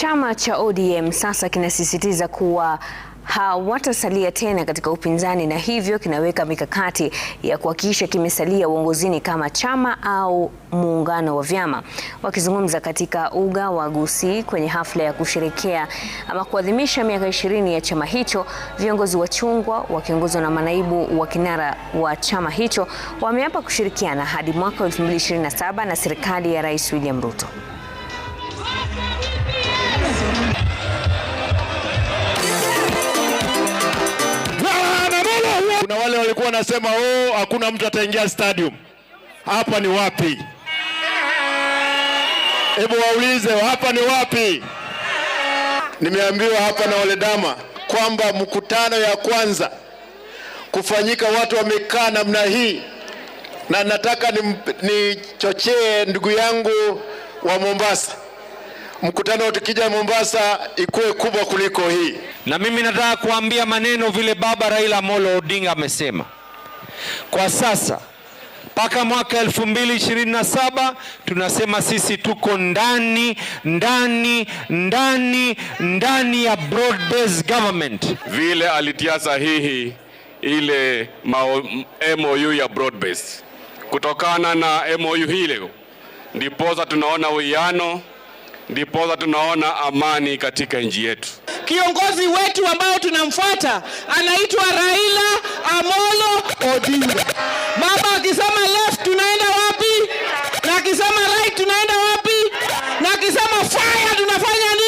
Chama cha ODM sasa kinasisitiza kuwa hawatasalia tena katika upinzani na hivyo kinaweka mikakati ya kuhakikisha kimesalia uongozini kama chama au muungano wa vyama. Wakizungumza katika uga wa Gusii kwenye hafla ya kusherekea ama kuadhimisha miaka ishirini ya chama hicho, viongozi wa chungwa wakiongozwa na manaibu wa kinara wa chama hicho wameapa kushirikiana hadi mwaka 2027 na serikali ya Rais William Ruto. walikuwa wanasema oh, hakuna mtu ataingia stadium. Hapa ni wapi? Hebu waulize hapa ni wapi? Nimeambiwa hapa na dama kwamba mkutano ya kwanza kufanyika watu wamekaa namna hii, na nataka nichochee ni ndugu yangu wa Mombasa, mkutano tukija Mombasa ikuwe kubwa kuliko hii. Na mimi nataka kuambia maneno vile baba Raila Amolo Odinga amesema. Kwa sasa mpaka mwaka 2027 tunasema sisi tuko ndani ndani ndani ndani ya broad based government. Vile alitia sahihi ile MOU ya broad based. Kutokana na MOU hile ndipoza tunaona uwiano, ndiposa tunaona amani katika nchi yetu. Kiongozi wetu ambao tunamfuata anaitwa Raila Amolo Odinga. Baba akisema left tunaenda wapi? Na akisema right tunaenda wapi? Na akisema fire tunafanya nini?